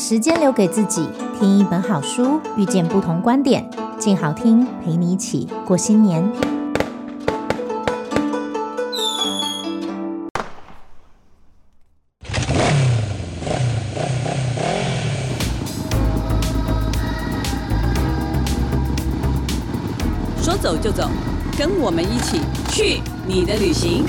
時間留給自己，聽一本好書，遇見不同觀點。鏡好聽，陪你一起過新年。說走就走，跟我們一起去你的旅行。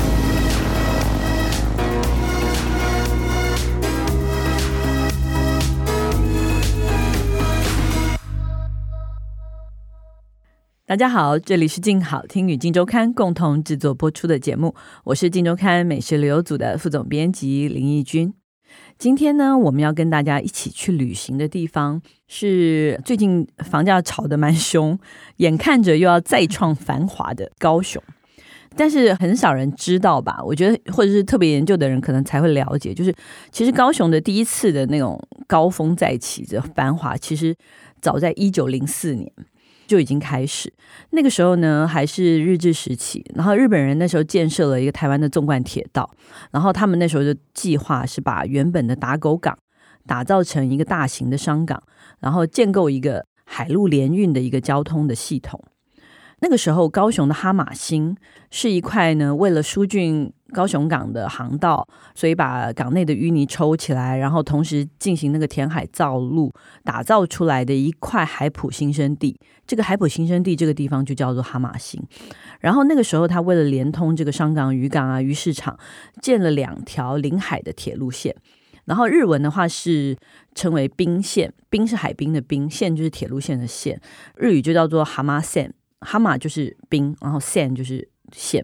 大家好，這裡是靜好聽與靜周刊共同制作播出的節目，我是靜周刊美食旅遊組的副總編輯林義君。今天呢，我們要跟大家一起去旅行的地方是最近房價炒得蠻兇，眼看着又要再創繁華的高雄。但是很少人知道吧？我覺得，或者是特別研究的人可能才會了解，就是其實高雄的第一次的那種高峰再起的繁華，其實早在一九零四年。就已經開始，那個時候呢，還是日治時期，然後日本人那時候建設了一個台灣的縱貫鐵道，然後他們那時候就計劃是把原本的打狗港打造成一個大型的商港，然後建構一個海陸聯運的一個交通的系統。那個時候，高雄的哈馬星是一塊呢，為了疏浚高雄港的航道，所以把港內的淤泥抽起來，然後同時進行那個填海造陸，打造出來的一塊海埔新生地。這個海埔新生地這個地方就叫做哈馬星。然後那個時候，他為了連通這個商港、漁港啊、漁市場，建了兩條臨海的鐵路線。然後日文的話是稱為“濱線”，“濱”是海濱的濱”，“線”就是鐵路線的“線”。日語就叫做“哈馬線”。哈馬就是冰，然後縣就是縣，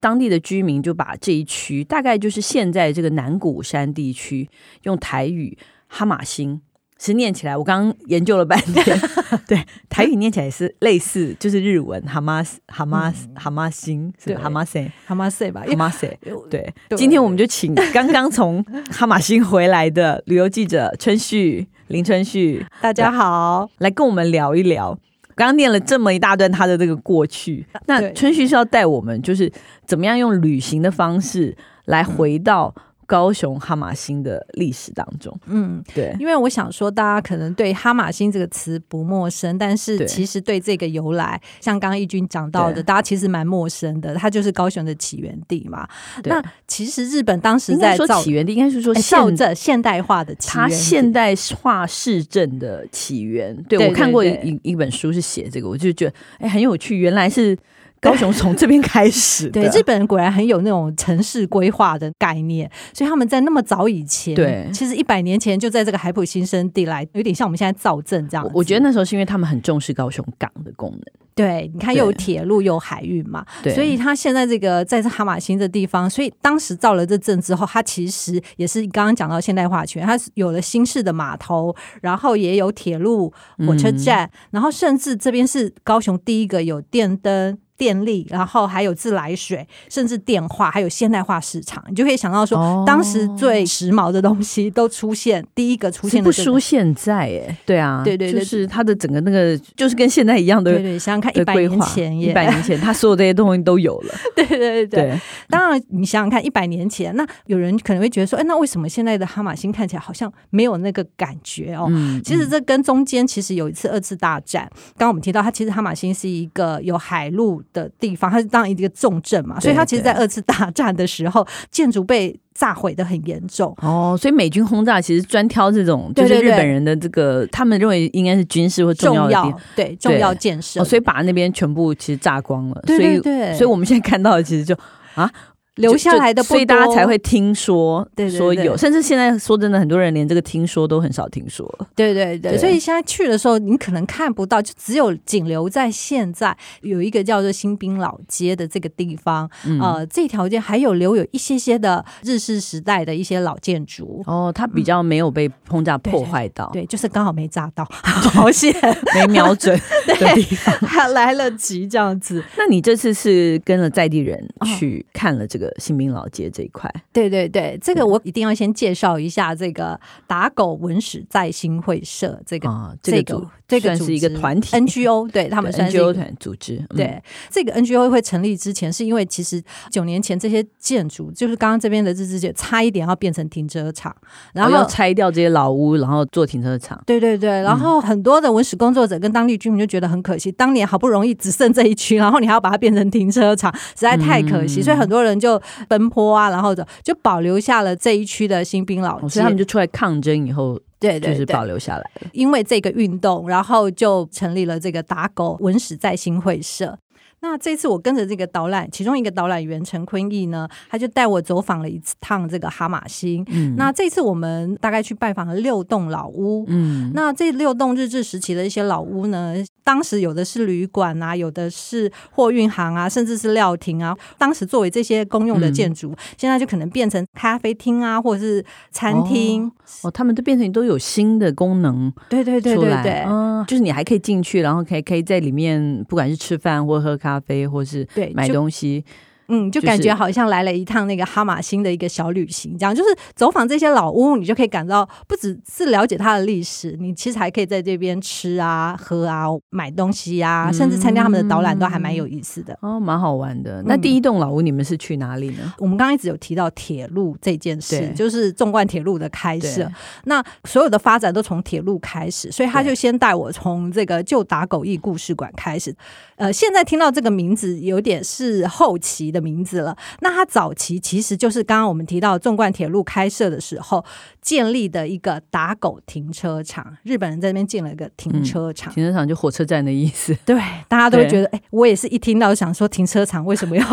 當地的居民就把這一區大概就是現在這個南鼓山地區用台語“哈馬星”是念起來。我剛剛研究了半天， 對台語念起來也是 類似，就是日文“哈馬哈馬哈馬星” in, 是吧哈馬 s 哈馬對 s, as 吧哈馬 s, in, 對, 對。今天我們就請剛剛從哈馬星回來的旅遊記者春旭林春旭， 大家好，對來跟我們聊一聊。剛念了這麼一大段他的這個過去，那春旭是要帶我們，就是怎麼樣用旅行的方式來回到。高雄哈馬星的歷史當中，嗯，對，因為我想說，大家可能對哈馬星這個詞不陌生，但是其實對這個由來，像剛剛一君軍講到的，對大家其實蠻陌生的。它就是高雄的起源地嘛。對那其實日本當時在說起源地，應該是說，欸，造着現代化的起源，它現代化市政的起源。對，對，對，對，對我看過一一本書是寫這個，我就覺得哎，欸，很有趣，原來是。高雄從這邊開始 對，對日本人果然很有那種城市規劃的概念，所以他們在那麼早以前，對，其實一百年前就在這個海埔新生地來，有點像我們現在造鎮這樣我。我覺得那時候是因為他們很重視高雄港的功能，對，你看又有鐵路又有海運嘛，對，所以他現在這個在這哈瑪星的地方，所以當時造了這鎮之後，他其實也是剛剛講到現代化圈，他有了新式的碼頭，然後也有鐵路火車站，嗯、然後甚至這邊是高雄第一個有電燈。電力，然後還有自來水，甚至電話，還有現代化市場，你就可以想到說，當時最時髦的東西都出現，第一個出現不輸現在，哎，對啊，對對對，就是它的整個那個，就是跟現在一樣的，對對，想想看，一百年前，一百年前，他所有這些東西都有了，對對對對。當然，你想想看，一百年前，那有人可能會覺得說，哎，那為什麼現在的哈馬星看起來好像沒有那個感覺哦？其實這跟中間其實有一次二次大戰，剛剛我們提到，它其實哈馬星是一個有海陸。的地方，它是當一個重鎮嘛，對對，所以它其實，在二次大戰的時候，建築被炸毀得很嚴重哦。所以美軍轟炸其實專挑這種，對對對，就是日本人的這個，他們認為應該是軍事或重要的重要對，對重要建設，哦，所以把那邊全部其實炸光了。對對對所以，所以我們現在看到的其實就啊。留下來的，所以大家才會聽說，對，對，對，對，說有，甚至現在說真的，很多人連這個聽說都很少聽說。對，對，對，對，對。所以現在去的時候，你可能看不到，就只有僅留在現在有一個叫做新濱老街的這個地方。嗯、呃，這條街還有留有一些些的日式時代的一些老建築。哦，它比較沒有被轟炸破壞到，嗯對對對對，對，就是剛好沒炸到，好險，沒瞄準的地方。 對，還來得及這樣子。那你這次是跟了在地人去看了這個。新濱老街這一塊，對對對，對這個我一定要先介紹一下，這個打狗文史再興會社這個這個。哦這個這個是一個團體 NGO，對他們是一個對 NGO 團組織。嗯、對這個 NGO 會成立之前，是因為其實九年前這些建築，就是剛剛這邊的日治就差一點要變成停車場，然後要拆掉這些老屋，然後做停車場。對對對，然後很多的文史工作者跟當地居民就覺得很可惜。嗯、當年好不容易只剩這一區，然後你還要把它變成停車場，實在太可惜。嗯、所以很多人就奔波啊，然後就就保留下了這一區的新濱老街，哦。所以他們就出來抗爭以後，對，對，對，就是保留下來了，因為這個運動，然後就成立了這個打狗文史再興會社。那這次我跟着這個導覽，其中一個導覽員陳坤毅呢，他就帶我走訪了一趟這個哈馬星。嗯，那這次我們大概去拜訪了六棟老屋。嗯，那這六棟日治時期的一些老屋呢，當時有的是旅館啊，有的是貨運行啊，甚至是料亭啊。當時作為這些公用的建築，嗯、現在就可能變成咖啡廳啊，或者是餐廳哦。哦，他們都變成都有新的功能。對對對對對，嗯，就是你還可以進去，然後可以可以在裡面不管是吃飯或喝咖。咖啡，或是買東西對。嗯，就感覺好像來了一趟那個哈馬星的一個小旅行，這樣就是走訪這些老屋，你就可以感到不只是了解它的歷史，你其實還可以在這邊吃啊、喝啊、買東西啊，甚至參加他們的導覽都還蠻有意思的，嗯、哦，蠻好玩的。那第一棟老屋你們是去哪裡呢？嗯、我們剛剛一直有提到鐵路這件事，對就是縱貫鐵路的開設，對那所有的發展都從鐵路開始，所以他就先帶我從這個舊打狗驛故事館開始。對呃，現在聽到這個名字有點是後期的。名字了，那它早期其實就是剛剛我們提到縱貫鐵路開設的時候建立的一個打狗停車場，日本人在這邊建了一個停車場。嗯、停車場就火車站的意思。對，大家都會覺得，哎對，我也是一聽到想說停車場為什麼要？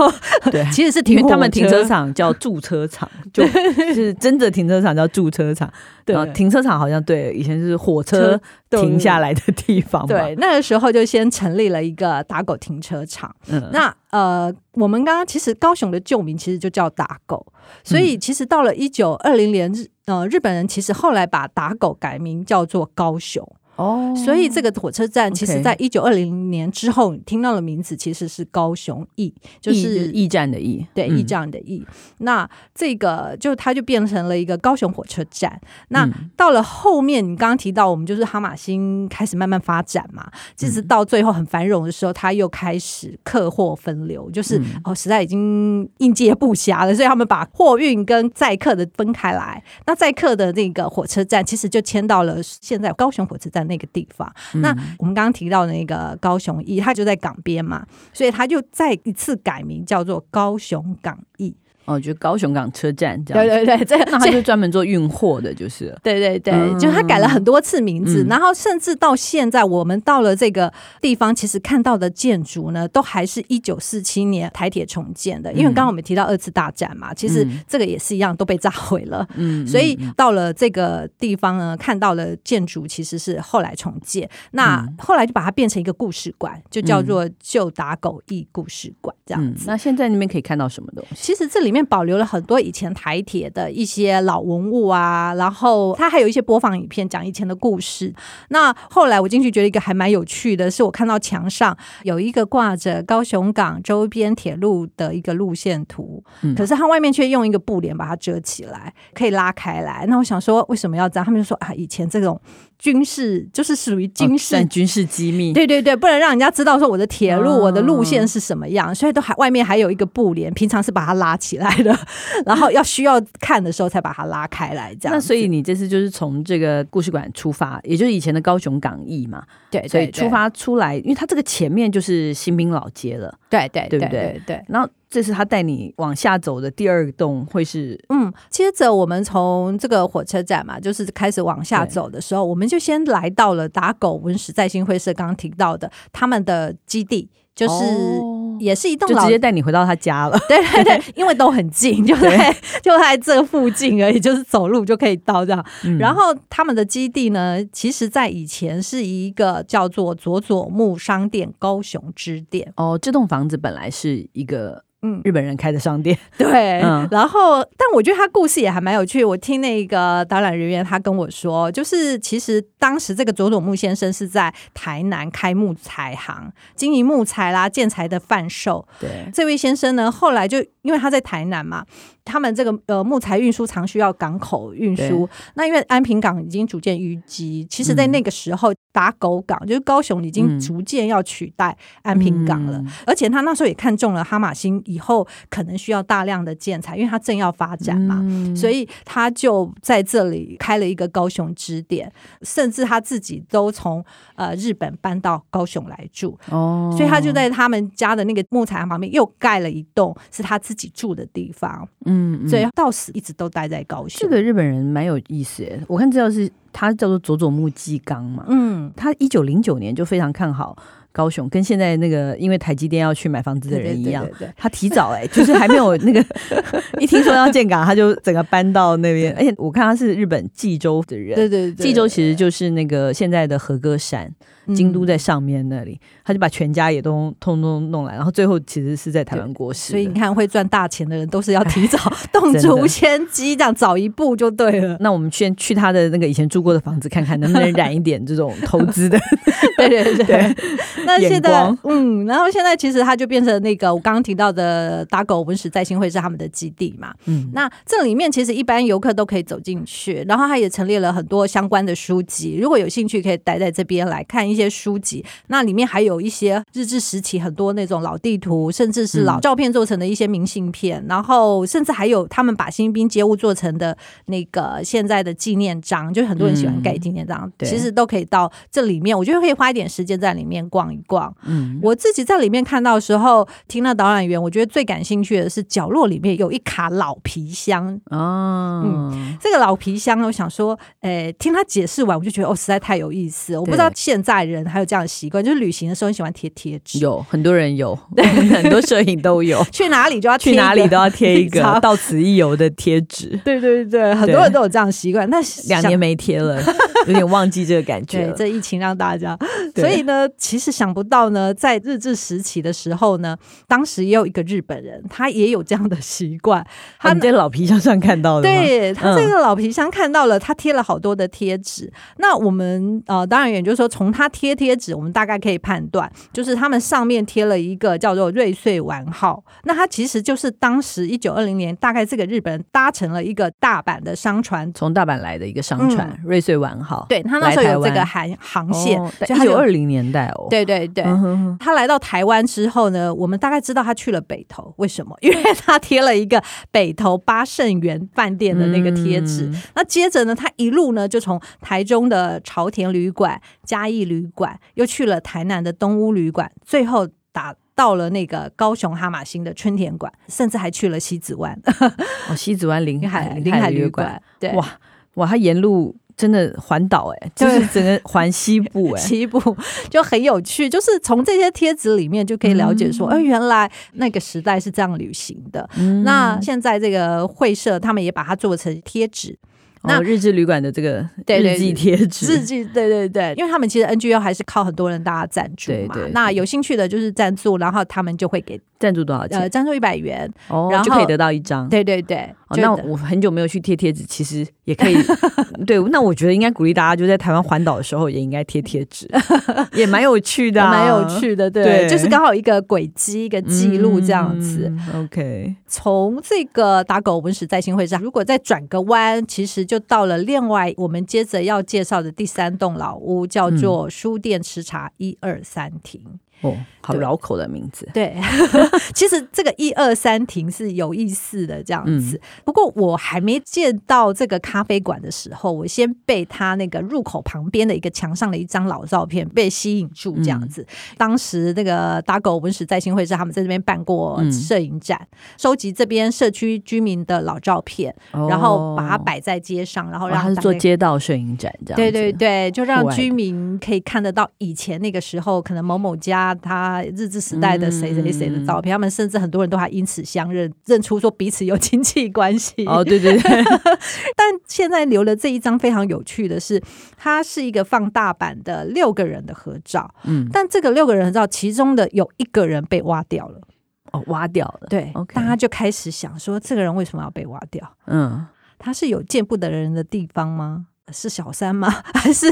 對，其實是停他們停車場叫駐車場，對就是真的停車場叫駐車場。對，停車場好像對以前就是火車。車停下來的地方，對，那個時候就先成立了一個打狗停車場。嗯、那呃，我們剛剛其實高雄的舊名其實就叫打狗，所以其實到了一九二零年日、嗯、呃日本人其實後來把打狗改名叫做高雄。哦，oh, 所以這個火車站其實在一九二零年之後，Okay. 你聽到的名字其實是“高雄驛”，驛就是驛站的驛，對驛站、嗯、的驛。那這個就它就變成了一個高雄火車站。那到了後面，你剛剛提到我們就是哈馬星開始慢慢發展嘛，其實到最後很繁榮的時候，它又開始客貨分流，就是、嗯、哦，實在已經應接不暇了，所以他們把貨運跟載客的分開來。那載客的那個火車站其實就遷到了現在高雄火車站。那個地方，那我們剛剛提到的那個高雄驛，他就在港邊嘛，所以他就再一次改名叫做高雄港驛。哦，就高雄港車站這樣對對，對對對，那他就專門做運貨的，就是。對對對，嗯、就他改了很多次名字，嗯、然後甚至到現在，我們到了這個地方，其實看到的建築呢，都還是一九四七年台鐵重建的，因為剛剛我們提到二次大戰嘛，嗯、其實這個也是一樣都被炸毀了。嗯。所以到了這個地方呢，看到的建築其實是後來重建，嗯、那後來就把它變成一個故事館，就叫做“舊打狗驛故事館”這樣子，嗯。那現在你們可以看到什麼東西？其實這裡面。保留了很多以前台鐵的一些老文物啊，然後它還有一些播放影片，講以前的故事。那後來我進去覺得一個還蠻有趣的，是我看到牆上有一個掛着高雄港周邊鐵路的一個路線圖，可是它外面卻用一個布簾把它遮起來，可以拉開來。那我想說為什麼要這樣？他們就說啊，以前這種。軍事就是屬於軍事，就是軍事 oh, 但軍事機密，對對對，不能讓人家知道說我的鐵路、oh. 我的路線是什麼樣，所以都還外面還有一個布簾，平常是把它拉起來的，嗯、然後要需要看的時候才把它拉開來這樣。那所以你這次就是從這個故事館出發，也就是以前的高雄港驛嘛，對,對,對，所以出發出來，因為它這個前面就是新濱老街了。對對對對對，然後這是他帶你往下走的第二個洞，會是嗯，接着我們從這個火車站嘛，就是開始往下走的時候，對我們就先來到了打狗文史再興會社剛剛提到的他們的基地。就是也是一棟樓，就直接帶你回到他家了。 對對對，因為都很近，就在對就在這個附近而已，就是走路就可以到這樣。嗯、然後他們的基地呢，其實在以前是一個叫做佐佐木商店高雄支店。哦，這棟房子本來是一個。嗯，日本人開的商店，對，嗯、然後，但我覺得他故事也還蠻有趣。我聽那個導覽人員他跟我說，就是其實當時這個佐佐木先生是在台南開木材行，經營木材啦、建材的販售。對，這位先生呢，後來就因為他在台南嘛，他們這個呃木材運輸常需要港口運輸，對那因為安平港已經逐漸淤積，其實在那個時候，打狗港、嗯、就是高雄已經逐漸要取代安平港了。嗯嗯、而且他那時候也看中了哈馬星。以後可能需要大量的建材，因為他正要發展嘛，嗯、所以他就在這裡開了一個高雄支店，甚至他自己都從呃日本搬到高雄來住哦，所以他就在他們家的那個木材旁邊又蓋了一棟是他自己住的地方，嗯，嗯所以他到死一直都待在高雄。這個日本人蠻有意思，我看知道是他叫做佐佐木紀綱嘛，嗯，他一九零九年就非常看好，高雄跟現在那個因為台積電要去買房子的人一樣，對對對對，他提早哎、欸， 就是還沒有那個 一聽說要建港，他就整個搬到那邊。對對對對，而且我看他是日本紀州的人，對對，對，紀州其實就是那個現在的和歌山。京都在上面那裡，嗯、他就把全家也都通通弄來，然後最後其實是在台灣過世。所以你看，會賺大錢的人都是要提早唉洞燭先機，這樣早的一步就對了。那我們先去他的那個以前住過的房子看看，能不能染一點這種投資的？ 對對對，對，對。對那現在，光嗯，然後現在其實他就變成那個我剛剛提到的打狗文史再興會是他們的基地嘛。嗯，那這裡面其實一般遊客都可以走進去，然後他也陳列了很多相關的書籍。如果有興趣，可以待在這邊來看一下。些書籍，那裡面還有一些日治時期很多那種老地圖，甚至是老照片做成的一些明信片，嗯、然後甚至還有他們把新濱街屋做成的那個現在的紀念章，就是很多人喜歡蓋紀念章，嗯、其實都可以到這裡面。我覺得可以花一點時間在裡面逛一逛。嗯，我自己在裡面看到的時候，聽到導覽員，我覺得最感興趣的是角落裡面有一卡老皮箱、哦、嗯，這個老皮箱，我想說，誒、欸，聽他解釋完，我就覺得哦，實在太有意思。我不知道現在人。人還有這樣的習慣，就是旅行的時候很喜歡貼貼紙，有很多人有， 很多攝影都有， 去哪裡就要去哪裡都要貼一個“到此一遊”的貼紙。對對對，對很多人都有這樣的習慣。對那兩想年沒貼了， 有點忘記這個感覺。這疫情讓大家，對所以呢，其實想不到呢，在日治時期的時候呢，當時也有一個日本人，他也有這樣的習慣。他、啊、在老皮箱上看到了，對他這個老皮箱看到了，他貼了好多的貼紙。嗯、那我們呃當然也就是說，從他。貼貼紙，貼貼我們大概可以判斷，就是他們上面貼了一個叫做“瑞穗丸號”。那他其實就是當時一九二零年，大概這個日本人搭乘了一個大阪的商船，從大阪來的一個商船“嗯、瑞穗丸號”對。對他那時候有這個航航線，他就他一九二零年代哦。對對對，嗯、哼哼他來到台灣之後呢，我們大概知道他去了北投，為什麼？因為他貼了一個北投八勝園飯店的那個貼紙。嗯嗯那接着呢，他一路呢就從台中的朝田旅館、嘉義旅。旅館又去了台南的東屋旅館，最後打到了那個高雄哈馬星的春田館，甚至還去了西子灣。 哦，西子灣林海林海旅館，對，哇哇，它沿路真的環島哎，對就是整個環西部哎、欸， 西部就很有趣，就是從這些貼紙裡面就可以了解說，哎、嗯呃，原來那個時代是這樣旅行的。嗯、那現在這個會社他們也把它做成貼紙。那日誌旅館的這個日記貼紙，日記。對，對對對，因為他們其實 NGO 還是靠很多人大家贊助嘛。對對對對對，那有興趣的就是贊助，然後他們就會給。贊助多少錢？呃，贊助一百元，哦、然後就可以得到一張。對對對就、哦，那我很久沒有去貼貼紙，其實也可以。 對，那我覺得應該鼓勵大家，就在台灣環島的時候也應該貼貼紙， 也蠻有趣的，啊，蠻有趣的。對，對就是剛好一個軌跡，一個記錄這樣子。嗯嗯、OK，從這個打狗文史再興會社如果再轉個彎，其實就到了另外我們接着要介紹的第三棟老屋，叫做書店喫茶一二三亭。嗯哦，好繞口的名字。對，對 其實這個一二三亭是有意思的這樣子。嗯、不過我還沒見到這個咖啡館的時候，我先被他那個入口旁邊的一個牆上的一張老照片被吸引住這樣子。嗯、當時那個打狗文史再興會社他們在這邊辦過攝影展，嗯、收集這邊社區居民的老照片，哦、然後把它擺在街上，然後讓、哦、他做街道攝影展這樣。對對對，就讓居民可以看得到以前那個時候可能某某家。他日治時代的誰誰誰的照片，嗯、他們甚至很多人都還因此相認，認出說彼此有親戚關係。哦，對對對。 但現在留了這一張非常有趣的是，它是一個放大版的六個人的合照。嗯，但這個六個人合照，其中的有一個人被挖掉了。哦，挖掉了。對，大家 Okay 就開始想說，這個人為什麼要被挖掉？嗯，他是有見不得人的地方嗎？是小三嗎？還是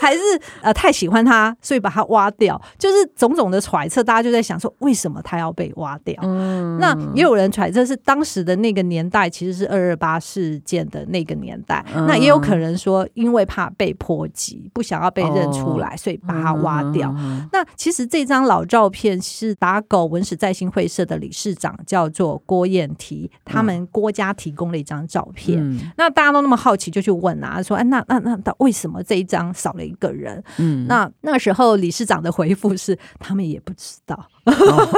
還是呃太喜歡他，所以把他挖掉？就是種種的揣測，大家就在想說，為什麼他要被挖掉？嗯、那也有人揣測是當時的那個年代，其實是二二八事件的那個年代。嗯、那也有可能說，因為怕被波及，不想要被認出來，哦、所以把他挖掉。嗯嗯嗯、那其實這張老照片是打狗文史再興會社的理事長叫做郭燕提，他們郭家提供了一張照片。嗯、那大家都那麼好奇，就去問啊，說哎那。啊那那到為什麼這一張少了一個人？嗯那，那那時候理事長的回復是他們也不知道。哦，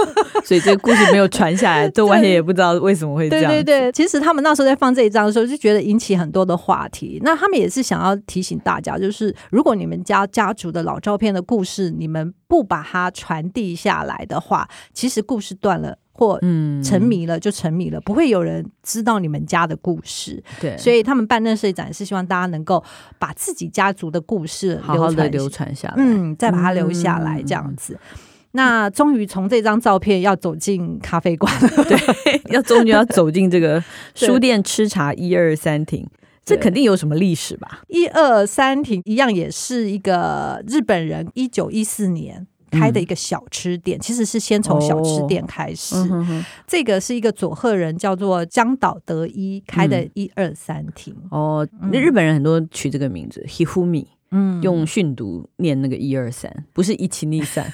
所以這個故事沒有傳下來， 對對對對都完全也不知道為什麼會這樣。對對對，其實他們那時候在放這一張的時候，就覺得引起很多的話題。那他們也是想要提醒大家，就是如果你們家家族的老照片的故事，你們不把它傳遞下來的話，其實故事斷了。或沉迷了就沉迷了，嗯、不會有人知道你們家的故事。對，所以他們辦這個展是希望大家能夠把自己家族的故事好好的流傳下來，嗯，再把它留下來、嗯、這樣子。那終於從這張照片要走進咖啡館了，對， 要終於要走進這個書店吃茶一二三亭，對這肯定有什麼歷史吧？一二三亭一樣也是一個日本人，一九一四年，開的一個小吃店，其實是先從小吃店開始。這個是一個佐賀人，叫做江島德一開的“一二三亭”。哦，日本人很多取這個名字“ヒフミ”，嗯，用訓讀念那個“一二三”，不是一七二三，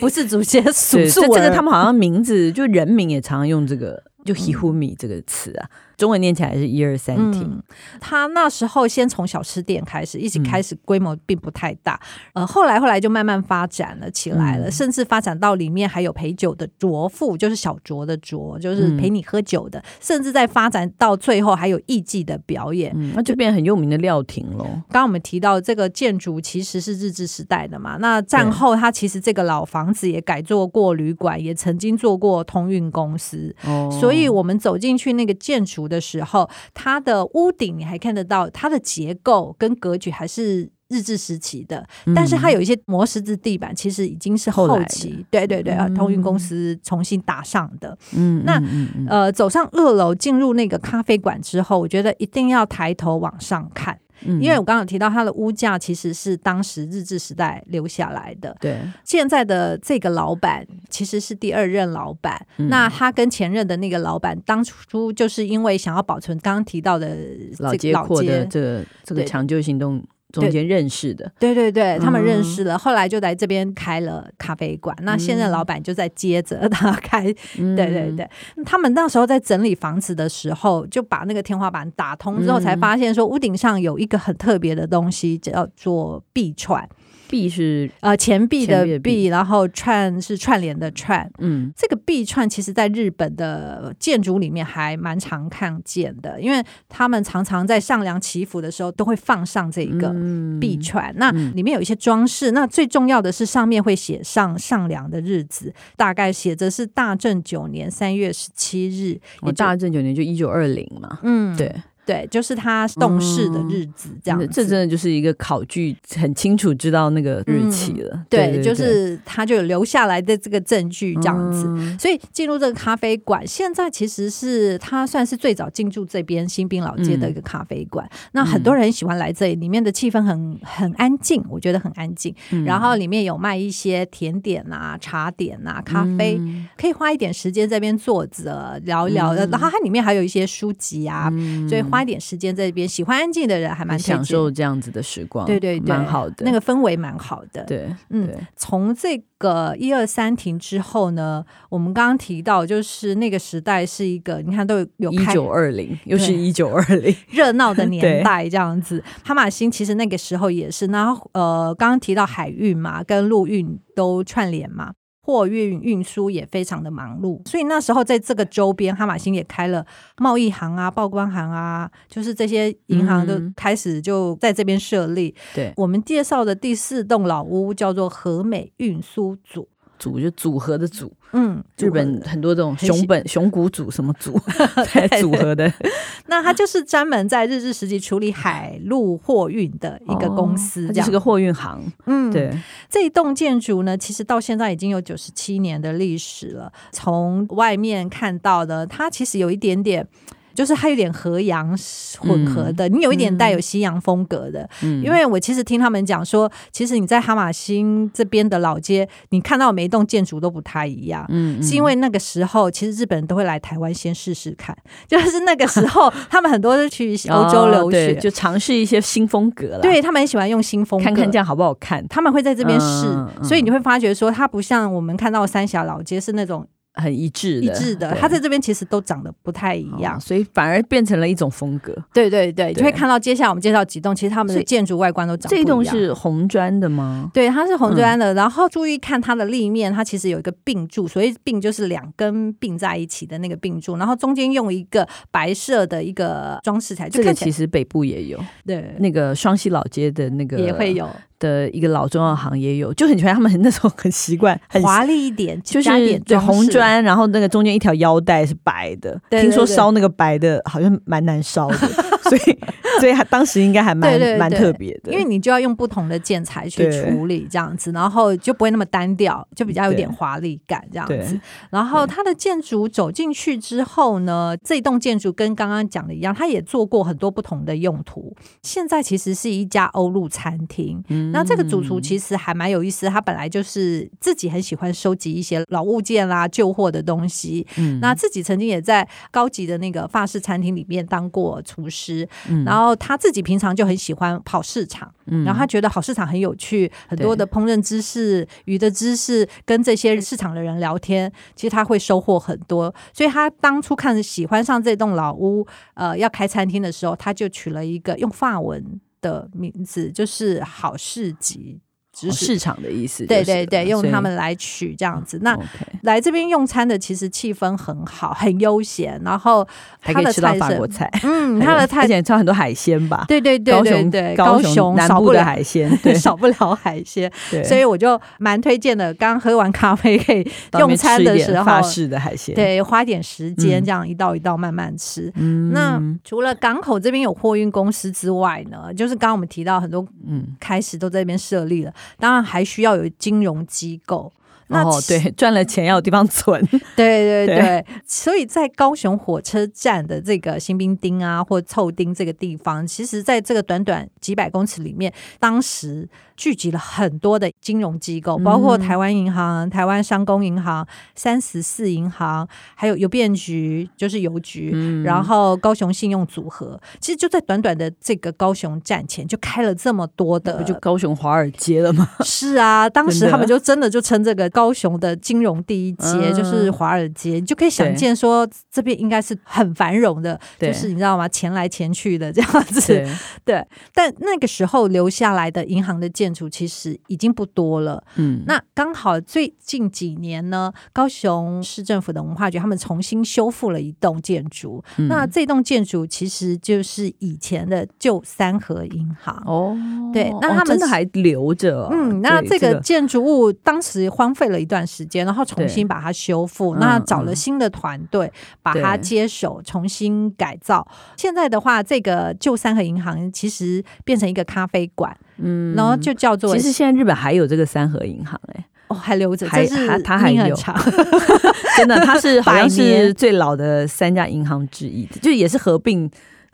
不是祖先數數。這個他們好像名字就人名也常用這個“就ヒフミ”這個詞啊。中文念起來是一二三亭。他那時候先從小吃店開始，一直開始規模並不太大，嗯、呃，後來後來就慢慢發展了起來了，嗯、甚至發展到裡面還有陪酒的酌婦，就是小酌的酌，就是陪你喝酒的，嗯、甚至在發展到最後還有藝妓的表演、嗯，那就變成很有名的料亭了。剛剛我們提到這個建築其實是日治時代的嘛，那戰後它其實這個老房子也改做過旅館，對也曾經做過通運公司，哦、所以我們走進去那個建築的時候，它的屋頂你還看得到，它的結構跟格局還是日治時期的，但是它有一些磨石子地板，其實已經是後期，嗯、後來的，對對對，啊，通運公司重新打上的。嗯，那呃，走上二樓進入那個咖啡館之後，我覺得一定要抬頭往上看。因為我剛剛提到他的物價其實是當時日治時代留下來的，對，現在的這個老闆其實是第二任老闆，嗯、那他跟前任的那個老闆當初就是因為想要保存剛剛提到的這個老街廓的這個、對這個搶救行動。總監認識的對，對對對，他們認識了，嗯、後來就來這邊開了咖啡館。那現任老闆就在接着他開，嗯、對對對，他們那時候在整理房子的時候，就把那個天花板打通之後，嗯、才發現說屋頂上有一個很特別的東西，叫做壁穿。幣是呃，錢幣的幣，然後串是串聯的串。嗯，這個幣串其實在日本的建築裡面還蠻常看見的，因為他們常常在上梁祈福的時候都會放上這個幣串。嗯、那裡面有一些裝飾，嗯、那最重要的是上面會寫上上梁的日子，大概寫着是大正九年三月十七日。大正九年就一九二零嘛。嗯，對。對，就是他動事的日子，嗯、這樣子。這真的就是一個考據，很清楚知道那個日期了。嗯、對，對，對，就是他就有留下來的這個證據，這樣子。嗯、所以進入這個咖啡館，現在其實是他算是最早進駐這邊新濱老街的一個咖啡館。嗯、那很多人喜歡來這裡，裡面的氣氛很很安靜，我覺得很安靜。嗯、然後裡面有賣一些甜點啊、茶點啊、咖啡，嗯、可以花一點時間在這邊坐着聊聊。嗯、然後它裡面還有一些書籍啊，嗯、所以花。花點時間在這邊，喜歡安靜的人還蠻享受這樣子的時光。對對對，蠻好的，那個氛圍蠻好的。對，對，嗯，從這個一二三亭之後呢，我們剛剛提到，就是那個時代是一個，你看都有一九二零，1920，又是一九二零熱鬧的年代，這樣子。對哈馬星其實那個時候也是，那呃，剛剛提到海運嘛，跟陸運都串聯嘛。貨運運輸也非常的忙碌，所以那時候在這個周邊，哈馬星也開了貿易行啊、報關行啊，就是這些銀行都開始就在這邊設立。對、嗯、哼我們介紹的第四棟老屋叫做和美運輸組。組就組合的組，嗯，日本很多這種熊本熊谷組什麼組在 對組合的， 那它就是專門在日治時期處理海陸貨運的一個公司這樣，哦，它就是個貨運行。嗯，對，這一棟建築呢，其實到現在已經有九十七年的歷史了。從外面看到的，它其實有一點點。就是它有點和洋混合的，嗯、你有一點帶有西洋風格的。嗯、因為我其實聽他們講說，其實你在哈馬星這邊的老街，你看到每一棟建築都不太一樣。嗯，嗯是因為那個時候，其實日本人都會來台灣先試試看，就是那個時候， 他們很多都是去歐洲留學、哦，就嘗試一些新風格了。對，他們很喜歡用新風格，看看這樣好不好看，他們會在這邊試，嗯嗯、所以你會發覺說，它不像我們看到三峽老街是那種。很一致，一致的。致的對它在這邊其實都長得不太一樣、哦，所以反而變成了一種風格。對對對，就對會看到接下來我們介紹幾棟，其實他們的建築外觀都長得不一樣。這棟是紅磚的嗎？對，它是紅磚的。嗯、然後注意看它的立面，它其實有一個併柱，所以併就是兩根併在一起的那個併柱，然後中間用一個白色的一個裝飾材。這個其實北部也有，對，那個雙溪老街的那個也會有。的一個老中藥行也有，就很喜歡他們那很那種很習慣，很華麗一點，就是點對紅磚，然後那個中間一條腰帶是白的，對對對對。聽說燒那個白的好像蠻難燒的， 所以。 所以他當時應該還蠻蠻特別的，因為你就要用不同的建材去處理這樣子，對然後就不會那麼單調，就比較有點華麗感這樣子。然後它的建築走進去之後呢，這棟建築跟剛剛講的一樣，它也做過很多不同的用途。現在其實是一家歐陸餐廳，嗯、那這個主廚其實還蠻有意思，嗯、他本來就是自己很喜歡收集一些老物件啦、舊貨的東西。嗯，那自己曾經也在高級的那個法式餐廳裡面當過廚師，嗯、然後。然後他自己平常就很喜歡跑市場，然後他覺得跑市場很有趣，很多的烹飪知識、魚的知識，跟這些市場的人聊天，其實他會收穫很多。所以他當初看著喜歡上這棟老屋，呃，要開餐廳的時候，他就取了一個用法文的名字，就是好市集。只是哦，市場的意思就是，對對對，用他們來取這樣子。所以那 okay，來這邊用餐的，其實氣氛很好，很悠閒。然後他的菜是還可以吃到法國菜，嗯，他的菜，而且吃很多海鮮吧？對對對對對，高雄，高雄南部的海鮮，高雄，對，少不了海鮮。所以我就蠻推薦的。剛喝完咖啡，可以用餐的時候，法式的海鮮，對，花點時間這樣一道一道慢慢吃。那除了港口這邊有貨運公司之外呢，就是剛剛我們提到很多，嗯，開始都在這邊設立了。當然，還需要有金融機構。哦，對，賺了錢要有地方存，對，對對對，對所以在高雄火車站的這個新兵町啊或湊町這個地方，其實在這個短短幾百公尺裡面，當時聚集了很多的金融機構，包括台灣銀行、台灣商工銀行、三十四銀行，還有郵便局，就是郵局，嗯、然後高雄信用組合，其實就在短短的這個高雄站前就開了這麼多的，不就高雄華爾街了嗎？是啊，當時他們就真的就稱這個。高雄的金融第一街，嗯、就是華爾街，你就可以想見說這邊應該是很繁榮的，對就是你知道嗎？錢來錢去的這樣子，對，對。但那個時候留下來的銀行的建築其實已經不多了，嗯。那剛好最近幾年呢，高雄市政府的文化局他們重新修復了一棟建築，嗯、那這棟建築其實就是以前的舊三和銀行哦，對。那他們、哦、真的還留着、啊，嗯。那這個建築物當時荒廢。了一段時間，然後重新把它修復。那對找了新的團隊、嗯、把它接手，重新改造。對現在的話，這個舊三和銀行其實變成一個咖啡館，嗯，然後就叫做……其實現在日本還有這個三和銀行哎、欸，哦，還留着，這是還它，它還有，很 真的它是好像是最老的三家銀行之一， 就也是合併，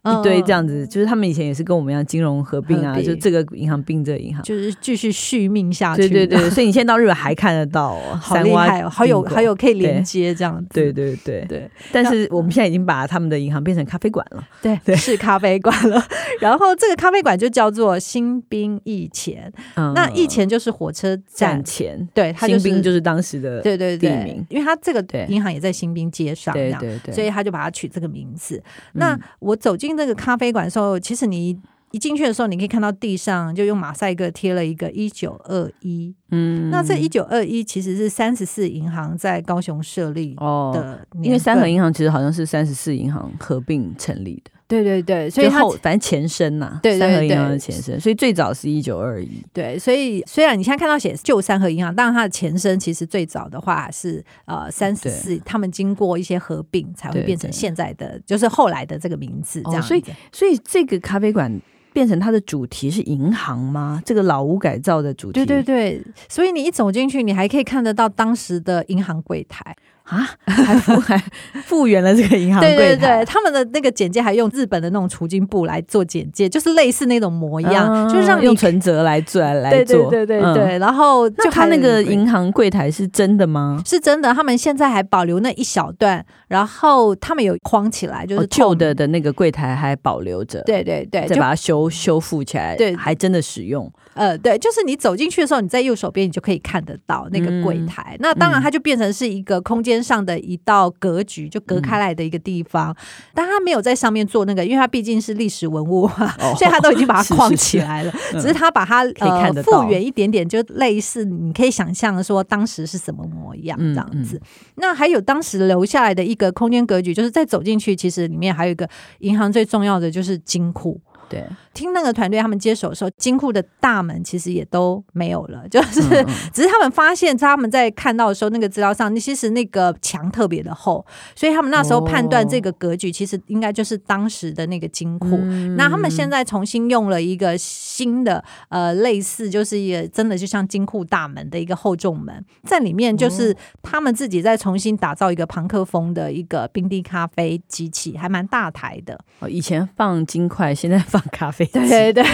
一堆這樣子，就是他們以前也是跟我們一樣金融合併啊，就這個銀行併這個銀行，就是繼續續命下去。對對對，所以你現在到日本還看得到，好厲害哦，好有好有可以連接這樣子。對對對對，但是我們現在已經把他們的銀行變成咖啡館了，對，是咖啡館了。然後這個咖啡館就叫做新濱驛前，那驛前就是火車站前，對，新濱就是當時的對對地名，因為他這個銀行也在新濱街上，對對對，所以他就把它取這個名字。那我走進。那個咖啡館的時候，其實你一進去的時候，你可以看到地上就用馬賽克貼了一個一九二一。嗯，那這一九二一其實是三十四銀行在高雄設立的。哦，因為三和銀行其實好像是三十四銀行合併成立的。對對對，所以他反正前身吶，對，三和銀行的前身，對對對，所以最早是一九二一。對，所以雖然你現在看到寫舊三和銀行，但是它的前身其實最早的話是呃三四，34, 對他們經過一些合併才會變成現在的，對對，就是後來的這個名字這樣。哦。所以所以這個咖啡館變成它的主題是銀行嗎？這個老屋改造的主題。對對對，所以你一走進去，你還可以看得到當時的銀行櫃檯。啊，還復還復原了這個銀行櫃台。 對，對對對，他們的那個簡介還用日本的那種除菌布來做簡介，就是類似那種模樣，嗯、就是讓你用存折來做來做，嗯、對對對對、嗯、然後，就那他那個銀行櫃台是真的嗎？是真的，他們現在還保留那一小段，然後他們有框起來，就是舊、哦、的的那個櫃台還保留着，對對對，就把它修修復起來，對還真的使用。呃，對，就是你走進去的時候，你在右手邊，你就可以看得到那個櫃檯。嗯、那當然，它就變成是一個空間上的一道格局，嗯、就隔開來的一個地方。嗯、但它沒有在上面做那個，因為它畢竟是歷史文物嘛，哦、 所以它都已經把它框起來了。是是是只是它把它、嗯、呃可以看得到、復原一點點，就類似你可以想象說當時是什麼模樣、嗯、這樣子。嗯、那還有當時留下來的一個空間格局，就是在走進去，其實裡面還有一個銀行最重要的就是金庫。對，聽那個團隊他們接手的時候，金庫的大門其實也都沒有了，就是嗯嗯只是他們發現他們在看到的時候，那個資料上，那其實那個牆特別的厚，所以他們那時候判斷這個格局其實應該就是當時的那個金庫。哦、那他們現在重新用了一個新的，呃，類似就是也真的就像金庫大門的一個厚重門在裡面，就是他們自己再重新打造一個龐克風的一個冰滴咖啡機器，還蠻大台的。哦，以前放金塊，現在。放咖啡，對對對，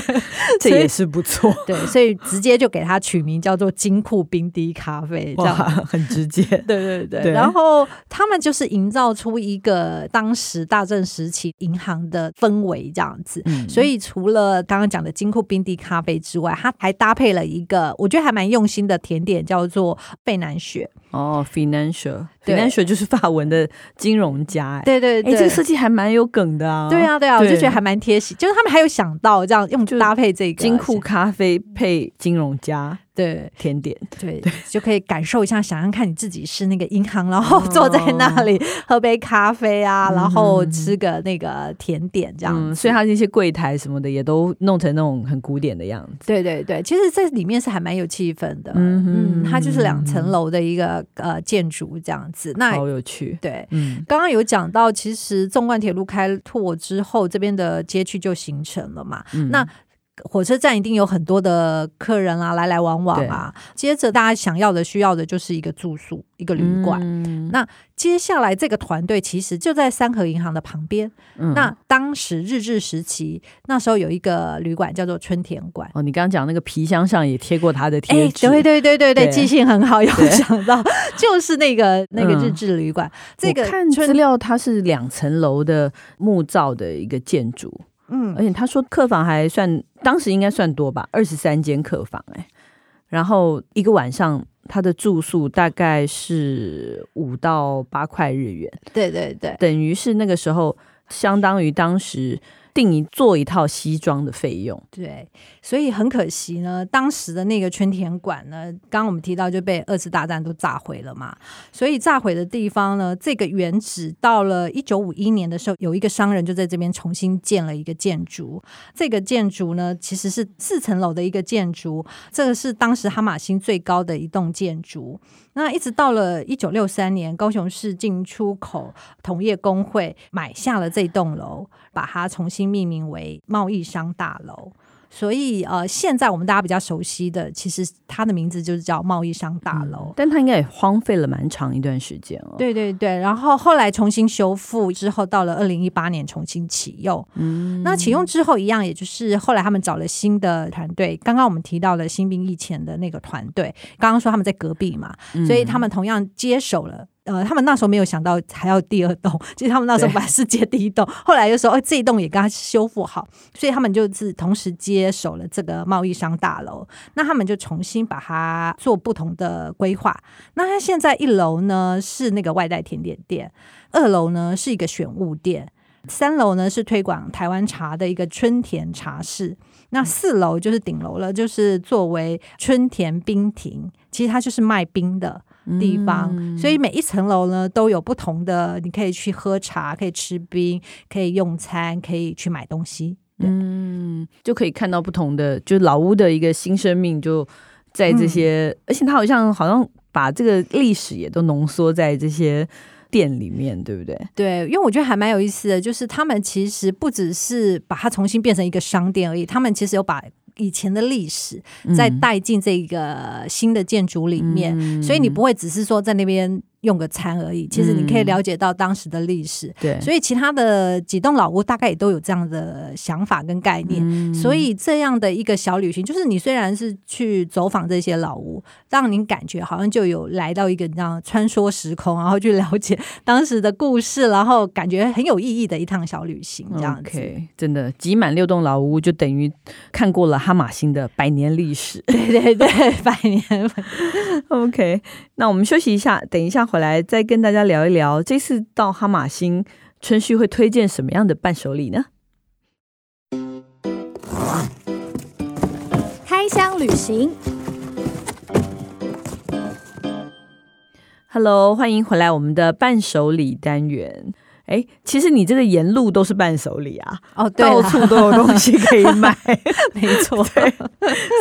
這也是不錯。對，所以直接就給他取名叫做“金庫冰滴咖啡”，這樣很直接。 對對對，對，對 然後他們就是營造出一個當時大正時期銀行的氛圍這樣子。嗯、所以除了剛剛講的“金庫冰滴咖啡”之外，他還搭配了一個我覺得還蠻用心的甜點，叫做“費南雪、哦”。哦，financial，financial 就是法文的金融家、欸。對對對，對，哎、欸，這個設計還蠻有梗的啊。對啊，對啊，我就覺得還蠻甜。就是他們還有想到這樣用搭配這個金庫咖啡配金融家。對甜點，對，就可以感受一下，想想看你自己是那個銀行，然後坐在那裡喝杯咖啡啊，然後吃個那個甜點這樣。嗯，所以它那些櫃台什麼的也都弄成那種很古典的樣子。對對對，其實這裡面是還蠻有氣氛的。嗯嗯，它就是兩層樓的一個呃建築這樣子。那好有趣。對，剛剛有講到，其實縱貫鐵路開拓之後，這邊的街區就形成了嘛。那火車站一定有很多的客人啊，來來往往啊。對接着大家想要的、需要的就是一個住宿，一個旅館。嗯、那接下來這個團隊其實就在三和銀行的旁邊。嗯、那當時日治時期，那時候有一個旅館叫做春田館。哦，你剛剛講那個皮箱上也貼過他的貼紙、欸，對對對對對，對記性很好，對有想到對 就是那個那個日治旅館。嗯、這個資料它是兩層樓的木造的一個建築。嗯，而且他說客房還算，當時應該算多吧，二十三間客房哎、欸，然後一個晚上他的住宿大概是五到八塊日元，對對對，等於是那個時候相當於當時。定一做一套西裝的費用。對，所以很可惜呢，當時的那個春田館呢，剛剛我們提到就被二次大戰都炸毀了嘛。所以炸毀的地方呢，這個原址到了一九五一年的時候，有一個商人就在這邊重新建了一個建築。這個建築呢，其實是四層樓的一個建築，這個是當時哈馬星最高的一棟建築。那一直到了一九六三年，高雄市進出口同業公會買下了這棟樓，把它重新。命名為貿易商大樓，所以呃，現在我們大家比較熟悉的，其實它的名字就是叫貿易商大樓。嗯、但它應該也荒廢了蠻長一段時間了。對對對，然後後來重新修復之後，到了二零一八年重新啟用。嗯，那啟用之後一樣，也就是後來他們找了新的團隊。剛剛我們提到了新濱駅前的那個團隊，剛剛說他們在隔壁嘛，嗯、所以他們同樣接手了。呃，他們那時候沒有想到還要第二棟，其實他們那時候本來是接第一棟，對後來又說，哎、哦，這一棟也給它修復好，所以他們就是同時接手了這個貿易商大樓。那他們就重新把它做不同的規劃。那它現在一樓呢是那個外帶甜點店，二樓呢是一個選物店，三樓呢是推廣台灣茶的一個春田茶室，那四樓就是頂樓了，就是作為春田冰亭，其實它就是賣冰的地方，所以每一層樓呢都有不同的，你可以去喝茶，可以吃冰，可以用餐，可以去買東西，對，嗯，就可以看到不同的，就是老屋的一個新生命就在這些，嗯，而且他好像好像把這個歷史也都濃縮在這些店裡面，對不對？對，因為我覺得還蠻有意思的，就是他們其實不只是把它重新變成一個商店而已，他們其實有把。以前的歷史，再帶進這個新的建築裡面，所以你不會只是說在那邊用個餐而已，其實你可以了解到當時的歷史。對、嗯，所以其他的幾棟老屋大概也都有這樣的想法跟概念。嗯、所以這樣的一個小旅行，就是你雖然是去走訪這些老屋，讓您感覺好像就有來到一個這樣穿梭時空，然後去了解當時的故事，然後感覺很有意義的一趟小旅行。這樣子，okay, 真的集滿六棟老屋就等於看過了哈馬星的百年歷史。對對對 百，百年。OK，那我們休息一下，等一下。我來再跟大家聊一聊，這次到哈馬星，春旭會推薦什麼樣的伴手禮呢？開箱旅行，Hello，歡迎回來，我們的伴手禮單元。哎，其實你這個沿路都是伴手禮啊，哦，到處都有東西可以買， 沒錯 對。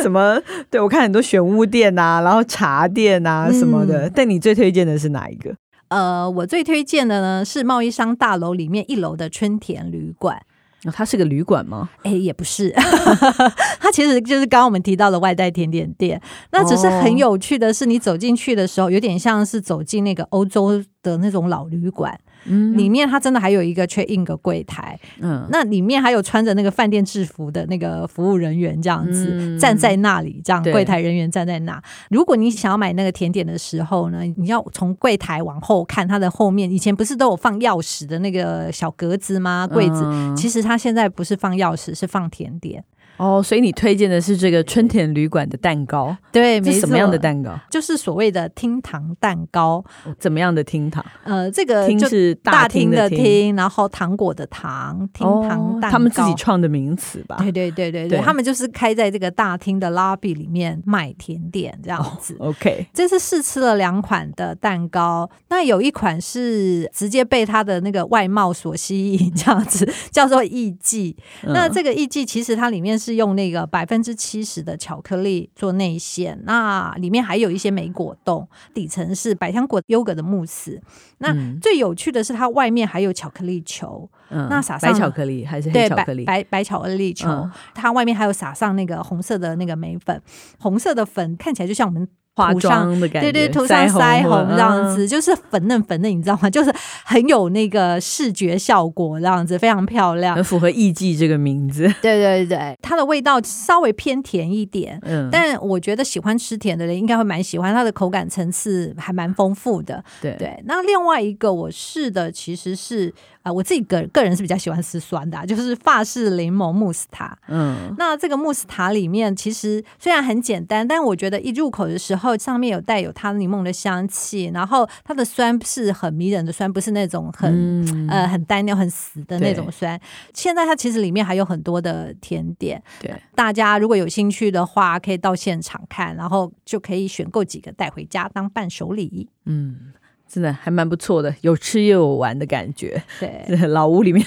什麼？對，我看很多選物店啊，然後茶店啊什麼的。嗯、但你最推薦的是哪一個？呃，我最推薦的呢，是貿易商大樓裡面一樓的春田旅館。那、哦、它是個旅館嗎？哎，也不是， 它其實就是剛剛我們提到的外帶甜點店。那只是很有趣的是，你走進去的時候，哦、有點像是走進那個歐洲的那種老旅館。嗯、裡面它真的還有一個 check in 的櫃檯，嗯，那裡面還有穿着那個飯店制服的那個服務人員，這樣子、嗯、站在那裡，這樣對、櫃檯人員站在那。如果你想要買那個甜點的時候呢，你要從櫃檯往後看它的後面，以前不是都有放鑰匙的那個小格子嗎？櫃子、嗯、其實它現在不是放鑰匙，是放甜點。哦，所以你推薦的是這個春田旅館的蛋糕，對，是什麼樣的蛋糕？就是所謂的廳堂蛋糕。哦，怎麼樣的廳堂？呃，這個廳是大廳的廳，然後糖果的糖，廳、哦、堂蛋糕，他們自己創的名詞吧？對對對對對，對他們就是開在這個大廳的 lobby 裡面賣甜點這樣子。哦、OK，這次試吃了兩款的蛋糕，那有一款是直接被它的那個外貌所吸引，這樣子叫做藝妓。嗯、那這個藝妓其實它裡面是。是用那個百分之七十的巧克力做內餡，那裡面還有一些莓果凍，底層是百香果優格的慕斯。那最有趣的是，它外面還有巧克力球，嗯，那撒上，白巧克力還是黑巧克力？對，白。白白巧克力球，嗯、它外面還有撒上那個紅色的那個莓粉，紅色的粉看起來就像我們。化妝的感覺，對對，塗上腮紅，紅這樣子，嗯、就是粉嫩粉嫩，你知道嗎？就是很有那個視覺效果，這樣子非常漂亮，很符合藝妓這個名字。 對對對，它的味道稍微偏甜一點，嗯，但我覺得喜歡吃甜的人應該會蠻喜歡。它的口感層次還蠻豐富的，對對。那另外一個我試的其實是啊、呃，我自己個個人是比較喜歡吃酸的，就是法式檸檬慕斯塔。嗯，那這個慕斯塔裡面其實雖然很簡單，但我覺得一入口的時候。然後上面有帶有它檸檬的香氣，然後它的酸是很迷人的酸，不是那種很、嗯、呃很單調、很死的那種酸。對 現在它其實裡面還有很多的甜點，對，大家如果有興趣的話，可以到現場看，然後就可以選購幾個帶回家當伴手禮。嗯。真的還蠻不錯的，有吃又有玩的感覺。對，老屋裡面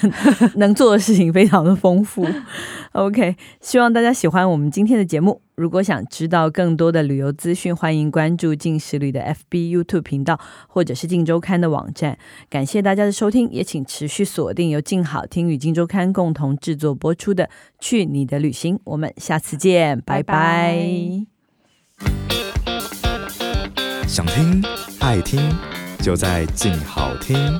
能做的事情非常的豐富。 OK，希望大家喜歡我們今天的節目。如果想知道更多的旅遊資訊，歡迎關注鏡食旅的 FB、YouTube 頻道，或者是鏡週刊的網站。感謝大家的收聽，也請持續鎖定由鏡好聽與鏡週刊共同製作播出的《去你的旅行》，我們下次見，拜拜。想聽，愛聽。就在靜好聽。